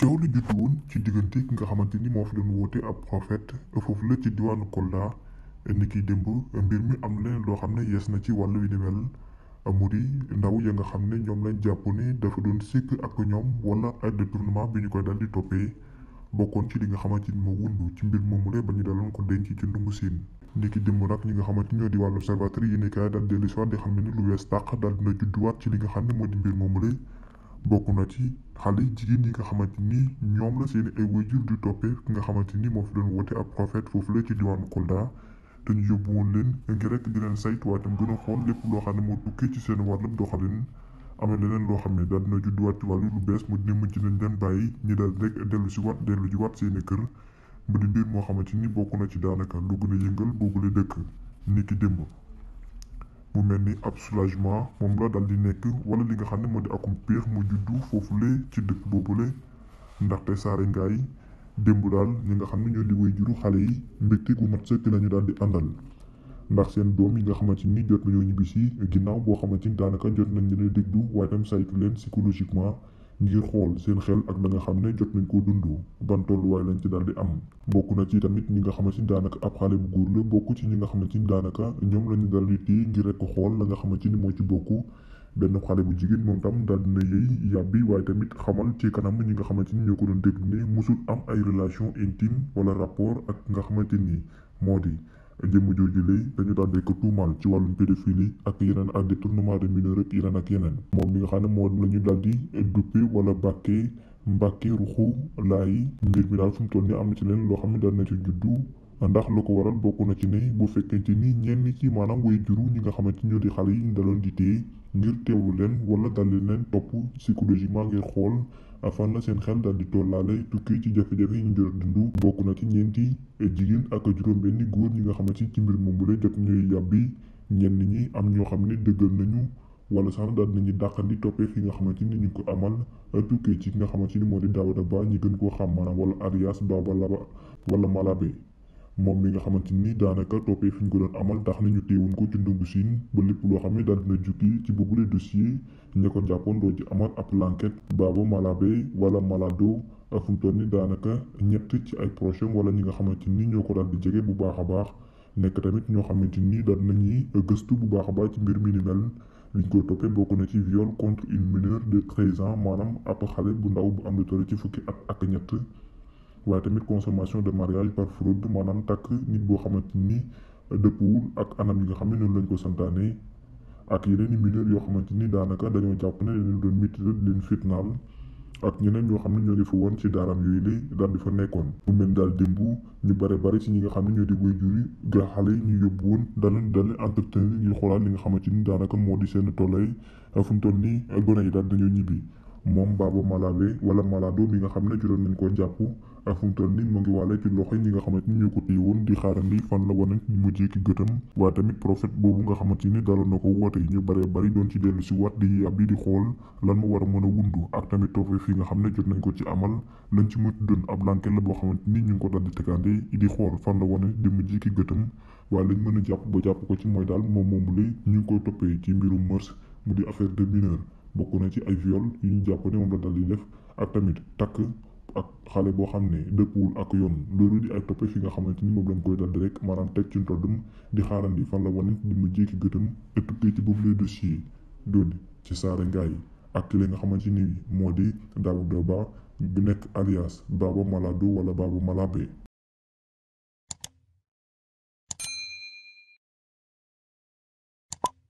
coow lu juddu woon ci diggante ki nga xamante ni moo fi doon woote ab prophète foofu la ci diwaanu Kolda ni kiy démb mbir mi am na loo xam ne yees na ci wàllu wi ni mel mu di ndaw ya nga xam ne ñoom lañ jàpp ni dafa doon sikk ak ñoom wala ay détournement bi ñu koy dal di toppee bokkoon ci li nga xamante ni moo wundu ci mbir moomu ba ñu daloon ko denc ci ndungu siin ni ki nag ñi nga xamante ñoo di wàllu observateur yi ne ni lu wees li nga xam ne moo di mbir bokk na ci xale jigéen yi nga xamante ni ñoom la seen ay wajur di toppee ki nga xamante ni moo fi doon woote ab prophète foofu la ci diwaanu Kolda te ñu yóbbu woon leen ngir rek di leen saytuwaat tam gën a xool lépp loo xam ne moo tukkee ci seen wàllum doxalin amee leneen loo xam ne daal dina judduwaat ci wàllu lu bees mu dina mujj nañ leen bàyyi ñu daal rek dellu si waat dellu ji waat seen kër mu di mbir moo xamante ni bokk na ci daanaka lu gën a yëngal boobule dëkk niki démb. mu mel ni ab soulagement moom la dal di nekk wala li nga xam ne moo di akum péex mu juddu foofule ci dëkk boobule ndaxte Saare Ngaay démb daal ñi nga xam ne ñoo di way juru xale yi mbégte gu mat sëkk lañu daal di àndal ndax seen doom yi nga ci ni jot nañoo ñibbisi ginnaaw boo xamante ni daanaka jot nañ leen a déglu waaye tam saytu leen psychologiquement ngir xool seen xel ak la nga xam ne jot nañ koo dund ban tolluwaay lañ ci daal di am bokk na ci tamit ñi nga xamante ni daanaka ab xale bu góor la bokk ci ñi nga xamante ni daanaka ñoom lañu daal di téye ngir rek xool la nga xamante ni moo ci bokk benn xale bu jigéen moom tam daal dina yëy yàbbi waaye tamit xamal ci kanam ñi nga xamante ni ñoo ko doon déglu ne musul am ay relation intime wala rapport ak nga xamante ni moo di jëmm jooju lay dañu daal di ko tuumaal ci wàllum pédophilie ak yeneen ak détournement de mineur ak yeneen ak yeneen moom mi nga xam ne moo la ñu daal di duppe wala bàkkee mbàkke ruxu laayi mbir mi daal fu mu toll ni am na ci leen loo xam ne daal na ci juddu ndax lu ko waral bokk na ci ne bu fekkente ni ñenn ci maanaam way juru ñi nga xamante ñoo di xale yi ñu daloon di téye ngir teewlu leen wala dal leen topp psychologiquement ngir xool afan na seen xel daal di tollaale tukkee ci jafe-jafe yi ñu jot dundu bokk na ci ñeenti jigéen ak juróom-benni góor ñi nga xamante ni ci mbir moomu la jot ñuy yàbbi ñenn ñi am ñoo xam ne dëggal nañu wala sax daal nañu dàqandi toppee fi nga xamante ni ñu ko amal tukkee ci nga xamante ni moo di Daouda Ba ñi gën koo xam maanaam wala Arias Babalaba wala Malabe. moom mi nga xamante ni daanaka toppee fi ñu ko doon amal tax nañu teewuñ ko ci ndungu siin ba lépp loo xam ne daan dina jukki ci boobule dossier ña ko jàppoon doo ci amal ab l'enquête Baba Malabe wala Malado ak fu mu toll ni daanaka ñett ci ay proches wala ñi nga xamante ni ñoo ko daan di jege bu baax a baax nekk tamit ñoo xamante ni daan nañuy gëstu bu baax a baax ci mbir mi ni mel liñ ko toppee bokk na ci viol contre une mineure de 13 ans maanaam bu ndaw am lu toll ci fukki at ak ñett. waaye tamit consommation de mariage par fraude maanaam takk nit boo xamante ni dëppwul ak anam yi nga xam ne noonu lañ ko santaane ak yeneen yoo xamante ni daanaka dañoo jàpp ne leen doon mitteel leen fitnaal ak ñeneen ñoo xam ne ñoo ngi fa woon ci daaram yooyu lay daal di fa nekkoon. mu mel daal démb ñu bare bari ci ñi nga xam ne ñoo di way juri ga xale yi ñu yóbbu woon daleen daleen entretenir ngir xoolaat li nga xamante ni daanaka moo di seen tollay fu mu toll nii gone yi daal dañoo ñibbi moom Baaba Malawe mi nga xam ne juróom nañ koo jàpp. ak fu mu toll nii mu ngi wàlle ci loxo ñi nga xamante ni ñoo ko téye woon di xaarandi xamante ni na ko woote ñu bëree bëri doon ci dellu si waat di ab yi di xool lan a mën a wundu ak tamit xam ne jot nañ ko ci amal lañ ci mënti doon ab ngi ko dal di tegaande di xool fan la wane di mu jékki gëtam waaye ko mooy daal moom moomu li ñu ngi koy toppee ci mbirum mœurs mu di affaire bokk na yu ñu jàpp ne moom la dal di def ak tamit takk ak xale boo xam ne dëppuwul ak yoon loolu di ay toppe fi nga xamante ni moom lañ koy daldi rek maanaam teg ci ndoddum di xaaral xaarandi fan la wanent di mu jékki gëtam ëttukkee ci boobu les dossier dooli ci saare ngaay ak ki li nga xamante ni moo di Daouda Ba nekk alias Baba Malado wala Baba Malabe